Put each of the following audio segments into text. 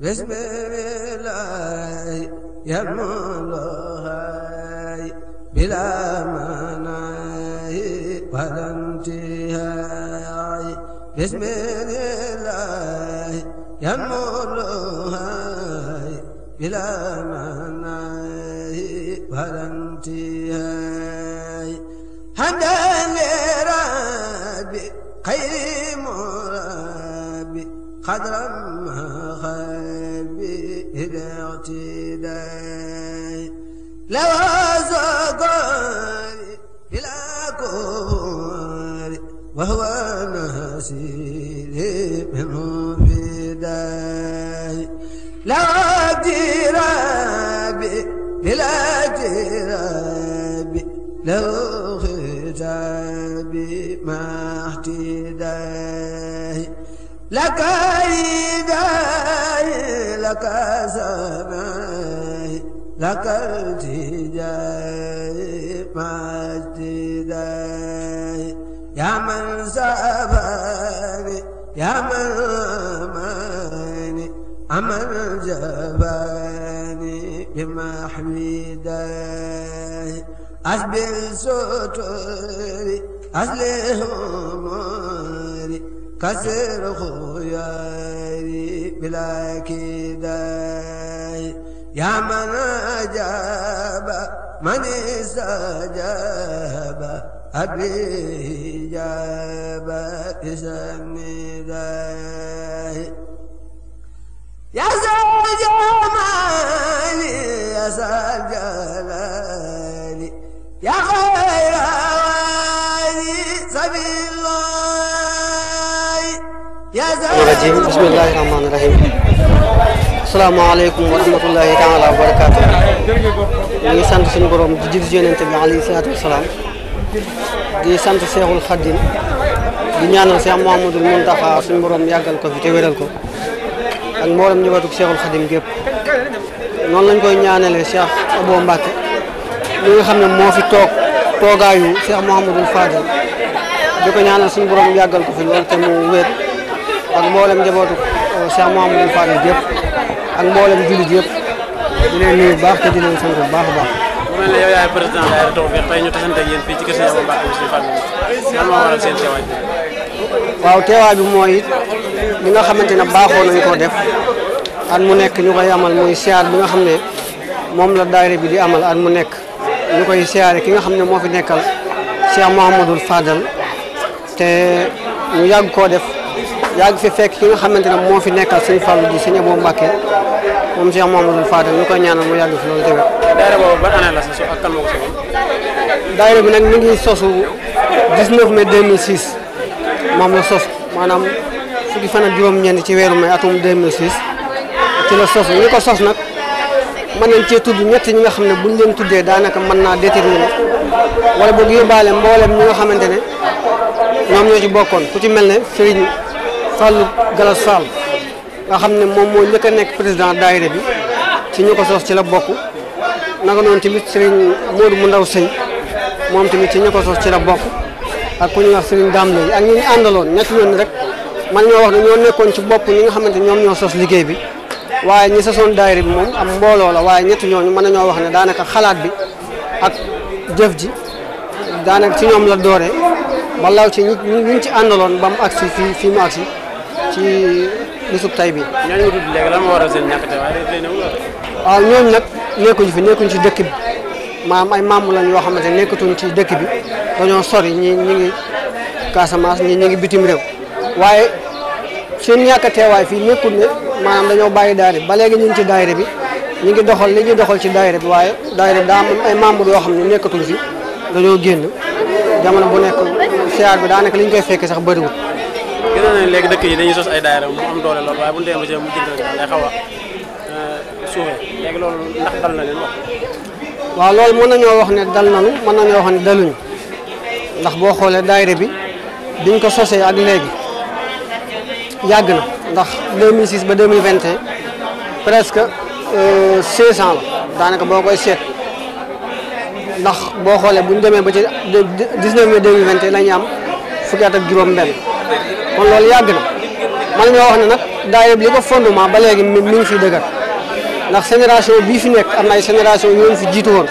بسم الله يملها بلا مناهي ولا انتهاء بسم الله يملها بلا مناهي ولا انتهاء حمدا لربي خير مربي قدرا ما خير باعتداء لو زقاري بلا كوري وهو نسيري من فداي لو جرابي بلا جرابي لو خجابي ما احتداء لك إيداي لك سماي لك التجاي مجداي يا من سباني يا من أماني أمن جباني حميداي أسبل سطوري أسلي أموري كسر خياري بلا كيداي يا من أجاب من استجاب أبي جاب بسم يا زوج مالي يا سجلالي يا خير والي سبيل الله rajim bismillahi rahmaani rahim asalaamaaleykum wa rahmatullahi taala wa barakaatu ñu ngi sant suñu borom di jig yonente bi alayhi salaatu wasalaam di sant seexul xaddim di ñaanal seex Muhammadul Muntaxa suñu borom yàggal ko fi te wéral ko ak mboolem ñëwatuk seexul xaddim gépp noonu lañ koy ñaanalee seex Abo Mbàkke li nga xam ne moo fi toog toogaayu seex Muhammadul Fadal di ko ñaanal suñu borom yàggal ko fi loolu te mu wér ak mboolem njabootu Cheikh Mouhamadou Fadel yëpp ak mboolem jullit yëpp di leen nuyu bu baax te di leen sant bu baax a baax. mu mel ne yow yaay président daayira Tawfekh tey ñu tasante ak yéen fii ci kër Serigne Abou Mbacke bi Serigne Fallou lan moo waral seen teewaay bi. waaw teewaay bi mooy li nga xamante ne baaxoo nañu koo def at mu nekk ñu koy amal muy siyaar bi nga xam ne moom la daayira bi di amal at mu nekk ñu koy siyaare ki nga xam ne moo fi nekkal Cheikh Mouhamadou Fadel te ñu yàgg koo def. yaa ngi fekk ki nga xamante ne moo fi nekkal suñu fàllu ji sëñ Abou Mbacke moom Cheikh Mouhamadou Fadel ñu koy ñaanal mu yàgg fi loolu tamit. daayira boobu ban année bi nag mi ngi sosu 19 mai 2006 moom la sos maanaam fukki fan ak juróom-ñeent ci weeru mai atum 2006 ci la sos ñi ko sos nag mën nañ cee tudd ñett ñi nga xam ne buñ leen tuddee daanaka mën naa déterminer wala boog yóbbaale mboolem ñi nga xamante ne ñoom ñoo ci bokkoon ku ci mel ne Serigne. Fallou Galas Fall nga xam ne moom moo njëkk nekk président daayira bi ci ñu ko sos ci la bokk naka noonu tamit Serigne Modou mu ndaw sëy moom tamit ci ñu ko sos ci la bokk ak ku ñuy wax Serigne Dame Leye ak ñi ñu àndaloon ñett yoon rek man ñoo wax ne ñoo nekkoon ci bopp ñi nga xamante ñoom ñoo sos liggéey bi waaye ñi sasoon daayira bi moom am mbooloo la waaye ñett ñooñu mën ñoo wax ne daanaka xalaat bi ak jëf ji daanaka ci ñoom la dooree ba law ci ñu ñu ci àndaloon ba mu agsi ci bisub tay bi. ñooñu nga tudd léegi lan seen ñàkk waaw ñooñu nag nekkuñu fi nekkuñu ci dëkk bi maam ay maam lañ yoo xamante ne nekkatuñ ci dëkk bi dañoo sori ñi ñi ngi Casamance ñi ñi bitim réew waaye seen ñàkk a teewaay fii nekkul ne maanaam dañoo bàyyi daayira bi ba léegi ñu ngi ci daayira bi ñu ngi doxal li ñuy doxal ci daayira bi waaye daayira bi daa am ay membres yoo xam ne nekkatuñ fi dañoo génn jamono bu nekk siyaar bi daanaka li ñu koy fekkee sax bëriwul. na dëkk yi dañuy sos ay daayira doole lool waaye bu ñu demee euh, loolu ndax na leen waaw loolu mën nañoo wax ne dal nañu mën nañoo wax ne daluñu ndax boo xoolee daayira bi biñ ko sosee ak léegi yàgg na ndax 2006 ba 2021 presque 600 euh, la daanaka boo koy seet ndax boo xoolee bu ñu demee ba ci 19 mai 2021 la ñu am fukki at juróom-benn. kon loolu yàgg na man ñoo wax ne nag daayira bi li ko fondement ba léegi mi ngi fi dëgër ndax génération bii fi nekk am na ay génération ñoo fi jiitu woon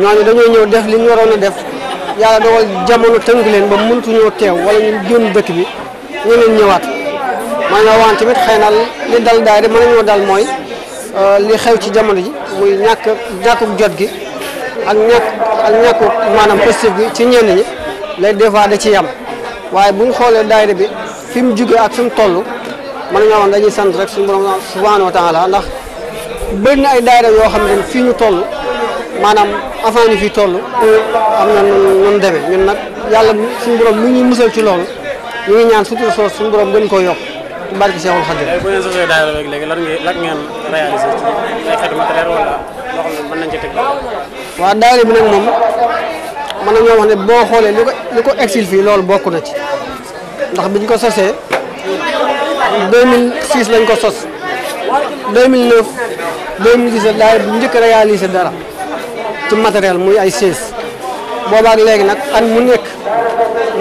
ñooñu dañoo ñëw def li ñu waroon a def yàlla dogal jamono tënk leen ba mëntuñoo teew wala ñu génn dëkk bi ñeneen ñëwaat man na waan tamit xëy na li dal daayira mën nañoo dal mooy euh, li xew ci jamono ji muy ñàkk ñàkkuk jot gi ak ñàkk ak ñàkkuk maanaam positif gi ci ñenn ñi lay des fois da ci yam waaye bu ñu xoolee daayira bi fi mu jugee ak suñu mu toll mën nañoo wax dañuy sant rek suñu su subhanahu wa taala ndax bëri na ay daayira yoo xam ne fii ñu toll maanaam avant ñu fi toll am na nun nag yàlla suñu borom mi ngi musal ci loolu ñu ngi ñaan surtout soos suñu borom gën koo yokk barke Seexul Xadim. bu ngeen sosee rek léegi lan ngeen lan ngeen réalisé nañ ci teg. moom. man mën nañoo wax ne boo xoolee li ko ko exil fii loolu bokk na ci ndax bi ñu ko sosee mil 2006 lañ ko sos mil 2017 daay njëkk a yaa réalisé dara ci matériel muy ay chaise boobaak léegi nag at mu nekk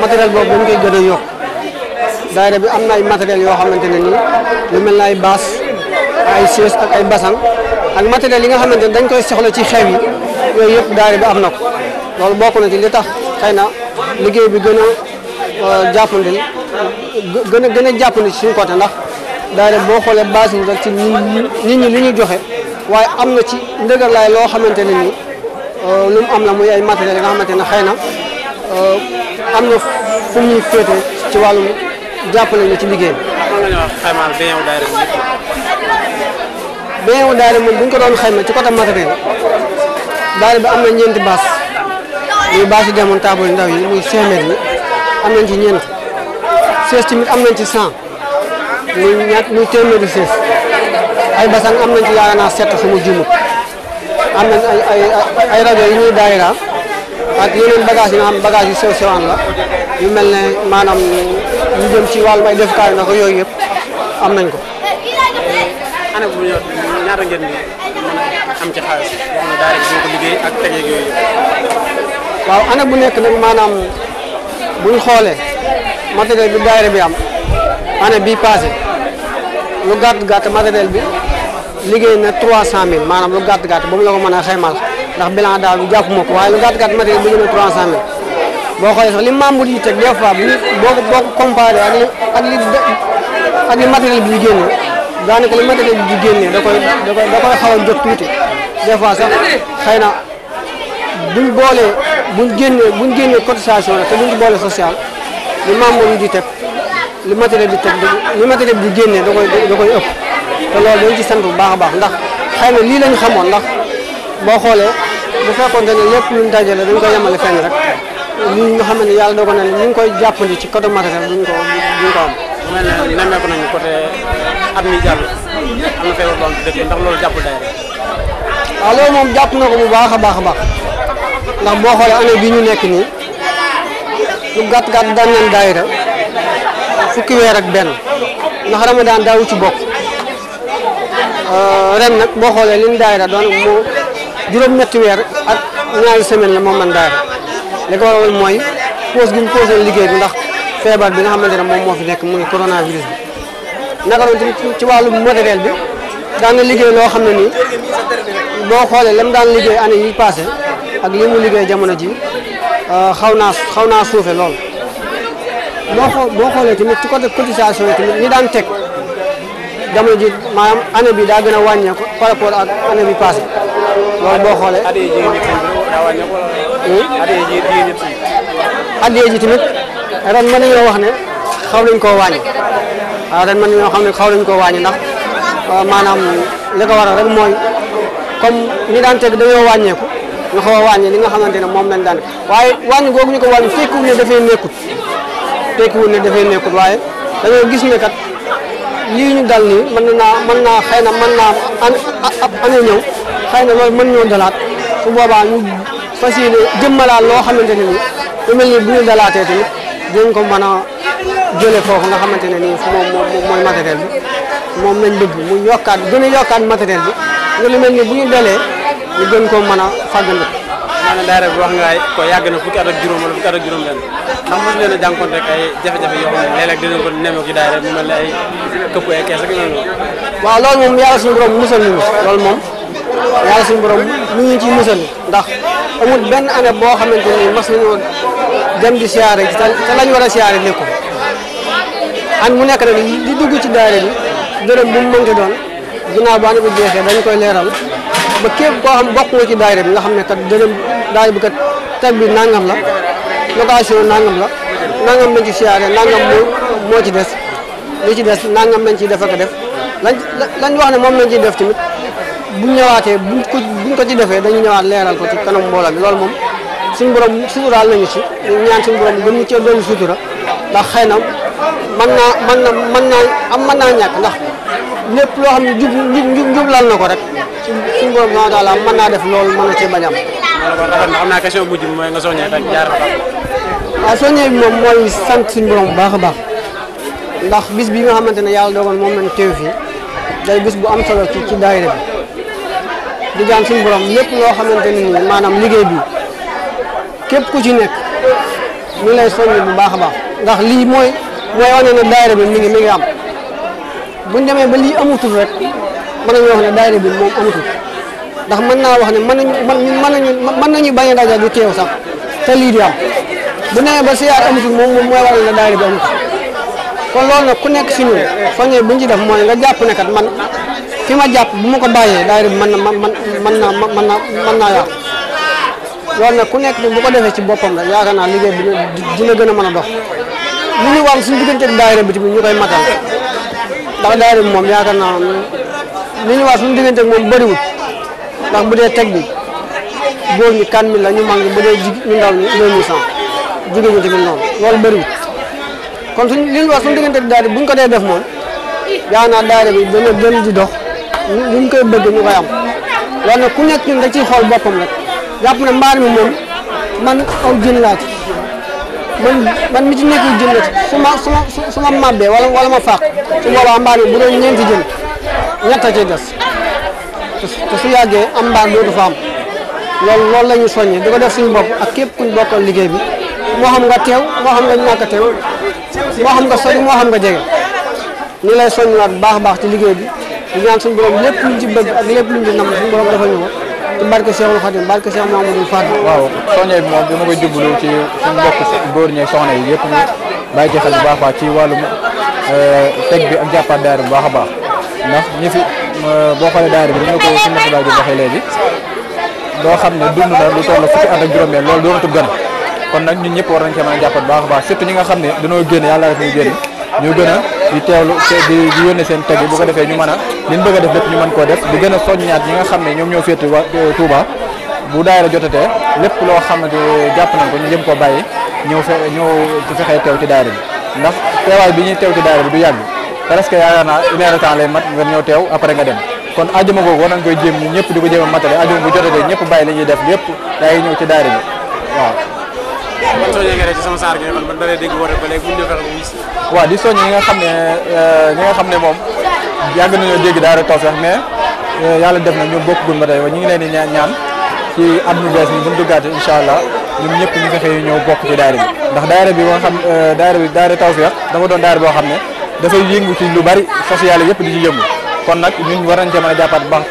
matériel boobu dañ koy gën a yokk daayira bi am na ay matériel yoo xamante ne nii lu mel na ay baas ay chaise ak ay basang ak matériel yi nga xamante ne dañ koy soxla ci xew yi yooyu yëpp daayira bi am na ko loolu bokk na ci li tax xëy na liggéey bi gën a euh, jàppandil gën a gën a jàppandi ci suñu côté ndax daanaka boo xoolee base bi rek ci ñi li ñu joxe waaye am na ci ndëgër laay loo xamante ne nii euh, lu mu am la muy ay matériel yi nga xamante ne xëy na euh, am na fu ñuy féete ci wàllum jàpp lañu ci liggéey bi. xaymaal bien wu daayira bi. bien wu daayira moom bu doon xayma ci côté matériel daayira bi am na ñeenti base. ñu baa demoon table yu ndaw yi muy 5 yi am nañ ci ñeent sees tamit am nañ ci 100 muy ñaat muy téeméeri sees ay basang am nañ ci yaakaar naa set fu mu jumut am nañ ay ay ay rajo yi ñuy daayira ak yeneen bagage yi nga xam bagage sew sewaan la yu mel ne maanaam ñu jëm ci wàllum ay defukaay na ko yooyu yëpp nañ ko. bu ñu yooyu yëpp. waaw année bu nekk nag maanaam bu buñ xoolee matériel bi daayira bi am année bii passé lu gàtt gàtt matériel bi liggéey na 300000 maanaam lu gàtt gàtt ba mu la ko mën a xaymal ndax bilan daal bu jàpp ma ko waaye lu gàtt gàtt matériel bi liggéey na 300000 boo xoolee sax li membre yi teg des bu ñu boo ko boo ko comparé ak li ak li ak li matériel bi ñu génnee daanaka li matériel bi ñu génnee da koy da koy da jot tuuti des fois sax xëy na buñ boolee. bu génnee buñ génnee cotisation rek te duñ ci boole social li membre yi di teg li matériel di teg li matériel di génnee da koy da koy ëpp te loolu dañ ci sant bu baax a baax ndax xëy na lii lañ xamoon ndax boo xoolee bu fekkoon ne lépp luñ dajale dañ koy yemale fenn rek lii nga xam ne yàlla dogal na ne ñu ngi koy jàppandi ci côté matériel duñ ko duñ ko am. mel ne nemmeeku nañu côté at mi jàll am na feebar boo xam ne dëkk ndax loolu jàpp day waaw ah, loolu moom jàpp na ko bu baax a baax a baax. ndax boo xoolee année bi ñu nekk nii lu gàtt gàtt daan nañ daayira fukki weer ak benn ndax Ramadan daawu ci bokk euh, ren nag boo xoolee li ñu daayira doon moo juróom weer ak ñaari semaine la moom man daayira li ko waral mooy pause gi ñu posé liggéey bi ndax feebar bi nga xamante ne moom moo fi nekk muy coronavirus bi naka noonu ci wàllu matériel bi daan na liggéey loo xam ne nii boo xoolee lam daan liggéey année yi passé ak li mu liggéey jamono ji euh, xaw naa xaw naa suufe lool boo xoo boo xoolee tamit ci côté cotisation yi tamit ñi daan teg jamono ji maanaam année bi daa gën a wàññeeku par rapport ak année bi passé boo xoolee. addiya ji hmm? tamit ren mën nañoo wax ne xaw nañ koo wàññi waaw ren mën nañoo xam ne xaw nañ koo wàññi ndax euh, maanaam li ko waral rek mooy comme ñi daan teg dañoo wàññeeku. ñu xaw a wàññi li nga xamante ne moom lañ daan waaye wàññi googu ñu ko wàññi tekkiwul ne dafay nekkut tekkiwul ne dafay nekkut waaye dañoo gis ne kat lii ñu dal nii man naa mën naa xëy na mën naa an ab année ñëw na loolu mën ñoo dalaat su boobaa ñu fas yéene jëmmalaat loo xamante ne nii lu mel ni bu ñu dalaatee tamit dinañ ko mën a jëlee foofu nga xamante ne nii moom mooy matériel bi moom lañ bëgg mu yokkaat gën a yokkaat matériel mel ni bu dalee. ñu gën koo mën a fàggandiku maanaam daayira bi wax nga ay ko yàgg na fukki at ak juróom wala fukki at ak juróom-benn ndax mos a jànkoonte ak ay ne léeg-léeg dinañ ko nemmeeku ci daayira mu mel ne ay këpp ay kees ak yooyu noonu. waaw loolu moom yàlla suñu borom musal ñu loolu moom yàlla suñu borom ñu ngi ciy musal ndax amul benn année boo xamante di a mu nekk nag li dugg ci daayira bi dërëm bu mu mënti doon ginnaaw baa ne bu jeexee dañ koy leeral ba képp koo xam bokk nga ci daayira bi nga xam ne kat dërëm daayira bi kat tag bi nangam la location nangam la nangam lañ ci siyaare nangam moo ci des li ci des nangam lañ ciy def ak def lañ lañ wax ne moom lañ ciy def tamit bu ñëwaatee buñ ko ko ci defee dañu ñëwaat leeral ko ci kanam mbooloo mi loolu moom suñu borom suturaal nañu ci ñaan suñu borom gën ñu cee doon sutura ndax xëy na mën naa mën mën naa am mën naa ñàkk ndax lépp loo xam ne na ko rek suñu borom noonu daal mën naa def loolu mën na cee bañ am. naa question bu mujj mooy nga soññee rek jaar waaw soññee bi moom mooy sant si borom bu baax a baax ndax bis bi nga xamante ne yàlla dogal moom lañ teew fii day bis bu am solo ci ci daayira bi di jaan suñu borom lépp loo xamante ni maanaam liggéey bi képp ku ci nekk ñu lay soññee bu baax a baax ndax lii mooy mooy wane ne daayira bi mi ngi mi ngi am. buñ demee ba lii amutul rek mën nañu wax ne daayira bi moom amutul ndax mën naa wax ne mën na mën nañu mën nañu bañ a daja du teew sax te lii di am bu demee ba siyaar amutul moom moom mooy waral ne daayira bi amutul kon loolu nag ku nekk si ñun fa bu ñu ci def mooy nga jàpp ne kat man fi ma jàpp bu mu ko bàyyee daayira bi man na mën mën naa mën naa mën naa yàqu loolu nag ku nekk bu ko defee ci boppam rek yaakaar naa liggéey bi dina na gën a mën a dox li ñu war suñu diggante ak daayira bi tamit ñu koy matal ndax daayira bi moom yaakaar naa li ñu wax suñu diggante moom bëriwul ndax bu dee teg bi góor ñi kan mi la ñu mag ñi bu dee ji ñu ndaw ñu deux mille cent loolu bëriwul kon suñ li ñu wax suñu diggante daayira bu ñu ko dee def moom yaakaar naa daayira bi dana gën di dox li ñu koy bëgg ñu koy am loolu nag ku nekk ñun da ciy xool boppam rek jàpp ne mbaar mi moom man aw jën laa man man mi ci nekkul jënd su ma su ma su ma màbbee wala wala ma fàq su boobaa mbaam yi bu doon ñeenti jën ñett a cay des te su yàggee am mbaam dootu fa am loolu loolu la ñu soññee di ko def suñu bopp ak képp kuñ bokkal liggéey bi moo xam nga teew moo xam nga ñàkk a teew moo xam nga sori moo xam nga jege ñu lay soññiwaat bu baax a baax ci liggéey bi di ñaan suñu borom lépp luñ ci bëgg ak lépp luñ ci nam suñu borom dafa ñu ko ci barke Cheikhul Khadim barke Cheikh Mamadou Fadil waaw soññee bi moom bi ma koy jublu ci suñu mbokk góor ñeeg soxna yi yëpp ñu bàyyi ci xel bu baax a baax ci wàllum euh, teg bi ak jàppaat daara bu baax a baax ndax ñi fi euh, boo xoolee daara bi dina ko suñu mbokk daal di waxee loo xam ne dund na lu toll fukki at ak juróom-benn loolu doonatul gan kon nag ñun ñëpp war nañ cee mën a jàppaat baax baax surtout ñi nga xam ne dañoo génn yàlla def ñu génn ñu gën a di teewlu di di yónnee seen teg yi bu ko defee ñu mën a liñ bëgg a def lépp ñu mën koo def di gën a soññaat ñi nga xam ne ñoom ñoo féete wa eh, Touba bu daayira jotatee lépp loo xam ne jàpp nañ ko ñu jëm ko bàyyi ñëw fe ñëw ci fexee teew ci daayira bi ndax teewaay bi ñuy teew ci daayira bi du yàgg presque yaakaar naa une heure de temps lay mat nga ñëw teew après nga dem kon ajuma ko ko nañ koy jéem ñi ñëpp di ko jéem a matale ajuma bu jotatee ñëpp bàyyi li ñuy def lépp day ñëw ci daayira bi waaw man soo man man da ngay dégg woote ba léegi mun ñu di soññ ñi nga xam ne euh, ñi nga xam ne moom yàgg nañoo dégg daara Tawfekh mais euh, yàlla def na ñoom bokkugun ba tey ñu ngi leen di ñaan ci at mu bees mi bu ñu duggaatee incha allah ñun ñëpp ñu fexe ñëw bokk ci daara bi ndax daara bi ba nga xam euh, daara bi daara Tawfekh dafa doon daara boo xam ne dafay yëngu ci lu bari social yëpp di ci yëngu kon nag ñun war nañ cee mën a jàppaat bu baax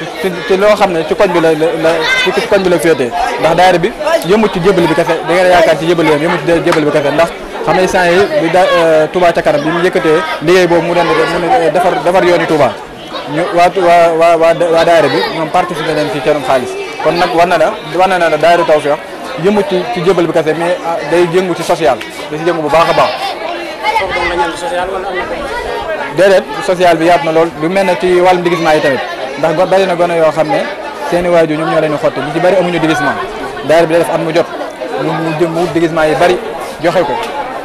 ci loo xam ne ci koñ bi la la ci koñ bi la féetee ndax daayira bi yëmut ci jébal bi kafe da ngeen yaakaar ci jébal yam yëmut ci jébal bi kafe ndax xam ne sant yi bi da euh, Touba ca kanam bi mu yëkkatee liggéey boobu mu doon mu euh, defar defar yooni Touba ñu waa waa waa waa waa daayira bi ñoom participé nañ ci ceenum xaalis kon nag war na la war na la daayira Tawfekh yëmut ci ci jébal bi kafe mais ah, day jëngu ci social da si jëngu bu baax a baax déedéet social bi yaatu na lool lu mel ne ci wàllum déguisement yi tamit ndax bari na gone yoo xam ne seen i waajur ñoom ñoo leen xotti ñu ci bari amuñu déguisement daayira def at mu jot mu jëm yi bari joxe ko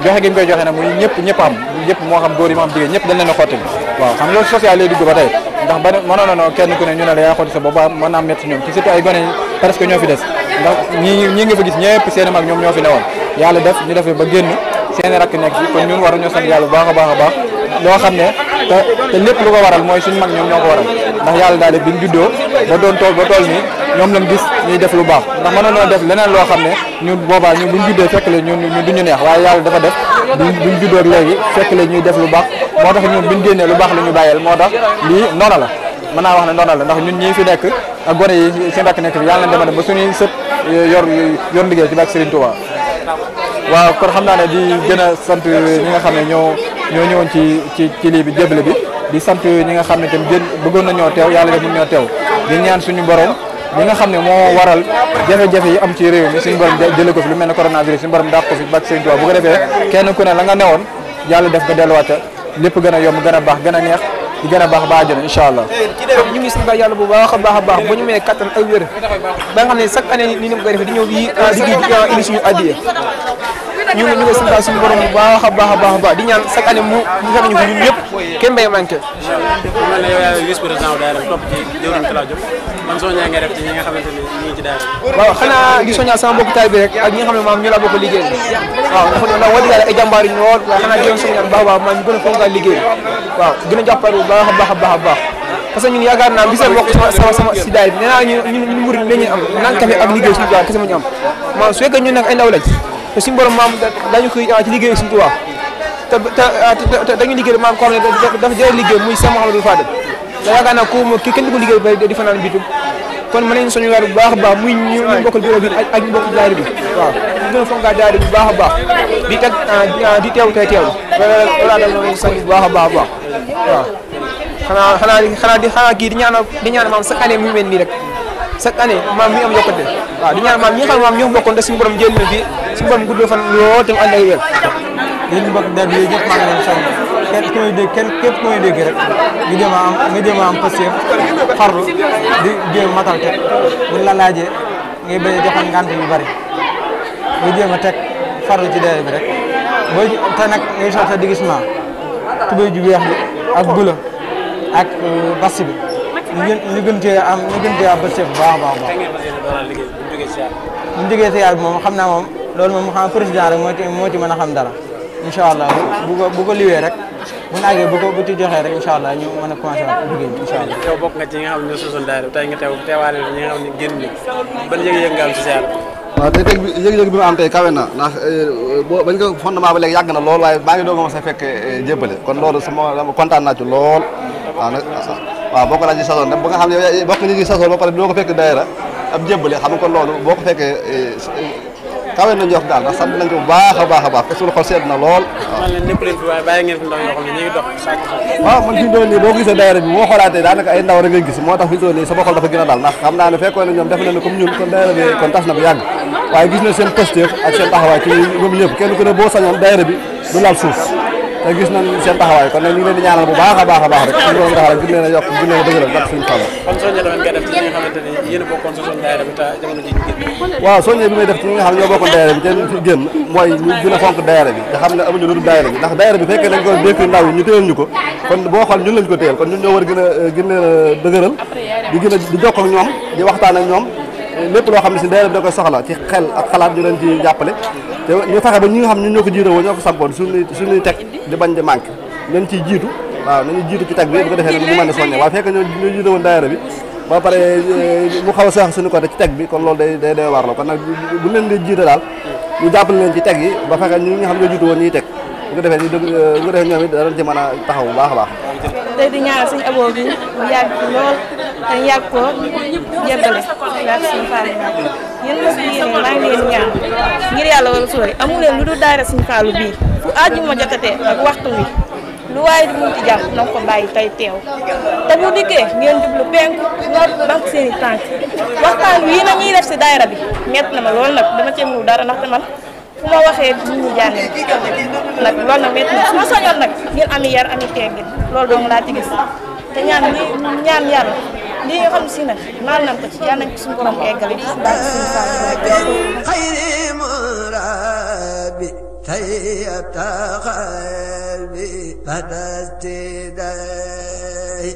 joxe gi ñu koy joxe nag muy ñëpp ñëpp am ñëpp moo xam góor yi moo a ñoom ci surtout ay gone parce que ñoo fi des ndax ñi ñi nga fa gis ñëpp seen mag ñoom ñoo fi newoon yàlla def ñu defee ba génn seen rakk nekk kon ñun war ñoo sant yàlla baax a baax a baax loo xam ne te te lépp lu ko waral mooy suñ mag ñoom ñoo ko waral ndax yàlla daal biñ juddoo ba doon tool ba tool nii ñoom lañ gis ñuy def lu baax ndax mënoon na def leneen loo xam ne ñun boobaa ñu buñ juddee fekk la ñun ñun duñu neex waaye yàlla dafa def buñ juddoo ak léegi fekk la ñuy def lu baax moo tax ñun buñ génnee lu baax la ñu bàyyeel moo tax lii noona la mën naa wax ne noona la ndax ñun ñii fi nekk ak gone yi seen rakk nekk bi yàlla na dema dem ba suñuy sët yor yor liggéey ci bàkk Serigne Touba waaw kon xam naa ne di gën a sant ñi nga xam ne ñoo ñoo ñëwoon ci ci ci lii bi jëble bi di sant ñi nga xam ne tam gën bëggoon nañoo teew yàlla def ñoo teew di ñaan suñu borom li nga xam ne moo waral jafe-jafe yi am ci réew mi suñu borom jële ko fi lu mel ne coronavirus suñu borom dàq ko fi bàcc seen bu ko defee kenn ku ne la nga newoon yàlla def nga delluwaat lépp gën a yomb gën a baax gën a neex di gën a baax ba àjjana incha allah eh, ñu ngi sant yàlla bu baax a baax baax ba ñu may kattan ak wér ba nga xam ne chaque année ni ñu koy defee di ñëw di indi suñu addiya ñu ngi ñu ngi sant suñu borom bu baax a baax a baax di ñaan chaque année mu fekk ñu fi ñun ñëpp kenn bay manqué. mu mel ne yow yaa vice président daayira man soññaa ngay sama mbokk taay bi rek ak ñi xam ne maam ñu la bokk liggéey waaw waaw xanaa di ñu gën a fonk liggéey a jàppale a a baax a baax ñu ñu murid am naan café ak liggéey suñu kese ma am maam su fekkee ñun nag ay ndaw dañuy liggéey maam koor ne dafa jëlee liggéey muy sama xam dul fàddal da yaakaar naa kuuma ki kenn di ko liggéey di fanaan bi tub kon mën nañu soñu yar bu baax a baax muy ñu ñu bokkal bureau bi ak ñu bokk jaar bi waaw ñu gën a fonk ak jaar bi bu baax a baax di teg di teew tey teew laa dem noonu sañ bu baax a baax baax waaw xanaa xanaa xanaa di xanaa kii di ñaan di ñaan maam chaque année mu mel nii rek chaque année maam ñu am yokkute waaw di ñaan maam ñi xam maam ñoo bokkoon da suñu borom jël na fii suñu borom gudd fan loo tam ànd ak yéen yéen mbokk daal bi yooyu ñëpp maa ngi kenn dégg kenn képp ku may dégg rek nga jéem a am nga jéem am pastéef farlu di jéem a matal teg buñ la laajee ngay bañ a joxoon ngant yu bari nga jéem a teg farlu ji deret bi rek booy te nag ngay sol sa déguisement tubéy ju weex bi ak bula ak euh, bas bi ñu gën ñu gën cee am ñu gën cee am bu baax a baax bu ñu jógee si yaar bi moom xam naa moom loolu moom xam président rek moo ci moo ci mën a xam dara incha allah bu ko bu rek bu naagee bu ko bu ci joxee rek incha allah ñu a commencé waat liggéey bi incha allah. yow bokk ba yàgg na lool waaye ngi doog a mos a fekk eh, kon loolu sama kontaan lool waaw nag waaw boo ko laajee saison dem ba nga xam ne bokk nañu saison doo ko fekk daayira ab jébbale xam nga loolu boo ko fekkee eh, kawe na njort daal ndax sant nañ ko bu baax a baax a baax te suñu xol sedd na lool waaw man fi waaye bàyyi ngeen fi ndaw yoo boo gisee daayira bi boo xolaatee daanaka ay ndaw rek nga gis moo tax fi ñu doon nii sama xol dafa gën a daal ndax xam naa ne fekkoon na ñoom def na ne comme ñun kon daayira bi kon tas na bu yàgg waaye gis na seen posture ak seen taxawaay ci ñoom ñëpp kenn ku ne boo sañoon daayira bi du laal suuf te gis nañ seen taxawaay kon nag ñu ngi leen di ñaanal bu baax a baax a baax rek suñu borom taxawaay gën leen a yokk gën leen a dëgëral ndax suñu xam kon soññe tamit nga def ci ñi nga xamante ne yéen a bokkoon sa soñ daayira bi te jamono ji génn waaw soññe bi may def ci ñi nga xam ne ñoo bokkoon daayira bi te ñu fi génn mooy ñu gën a fonk daayira bi nga xam ne amuñu lu dul daayira bi ndax daayira bi fekkee dañ ko dénk ndaw yi ñu téyel ñu ko kon boo xool ñun lañ ko téyel kon ñun ñoo war gën a euh, gën leen a dëgëral di gën a di jokk ak ñoom di waxtaan ak ñoom euh, lépp loo xam ne si daayira bi da koy soxla ci xel ak xalaat ñu leen ci jàppale te ñu fexe ba ñi xam ne ñoo ko jiite woon ñoo ko sampoon suñuy suñuy teg di bañ di manqué nañ ciy jiitu waaw nañu jiitu ci teg bi ko defee ba pare eh, mu xaw a saax suñu côté ci teg bi kon loolu day day day la bu leen di jiite daal ñu jàppale leen ci teg yi ba fexe ñi nga xam ne ñoo jiitu woon ñuy teg bu ko defee nii dëgg bu ko taxaw bu baax a baax. tey di ñaanal suñu aboo bi mu yàgg lool te yàgg ko yeggale daal suñu faal yi ñaan yéen mos yi yéen maa ngi amu leen lu dul daara suñu faalu bii fu àjjuma jotatee ak waxtu wi lu waaye di mun ci jàpp na ko bàyyi tey teew te bu dikkee ngeen jublu penku noor banque seen i tànk wii na ñuy def si daayra bi métti na ma lool nag dama cee mënul dara ndaxte man. bu ma waxee nit ñi jànne nag loolu nag métti na su ma soñoon nag ngeen ami yar ami teggin loolu dong laa ci gis te ñaan li ñaan yàlla li nga xam si ne naal nañ ko ci yàlla nañ ko suñu borom eggale ci baax suñu saa xayri murabi tayyata qalbi fatastiday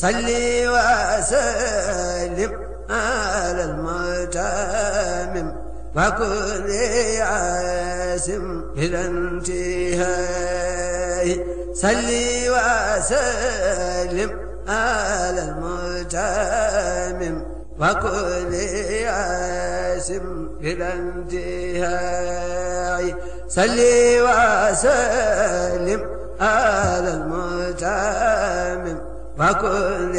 salli wa sallim ala al-mutamim فكن عاسم إلى انتهاء صلي وسلم على المتامم وكن عاسم إلى انتهاء صلي وسلم على المتامم وكن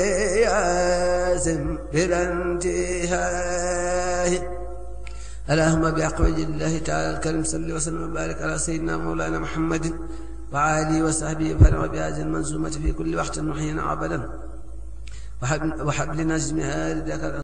عاسم إلى انتهاء اللهم بأقوال الله تعالى الكريم صلى وسلم وبارك على سيدنا مولانا محمد وعلي وصحبه وفرع بهذه المنزومة في كل وقت وحينا عبدا وحبلنا جميعا لذاك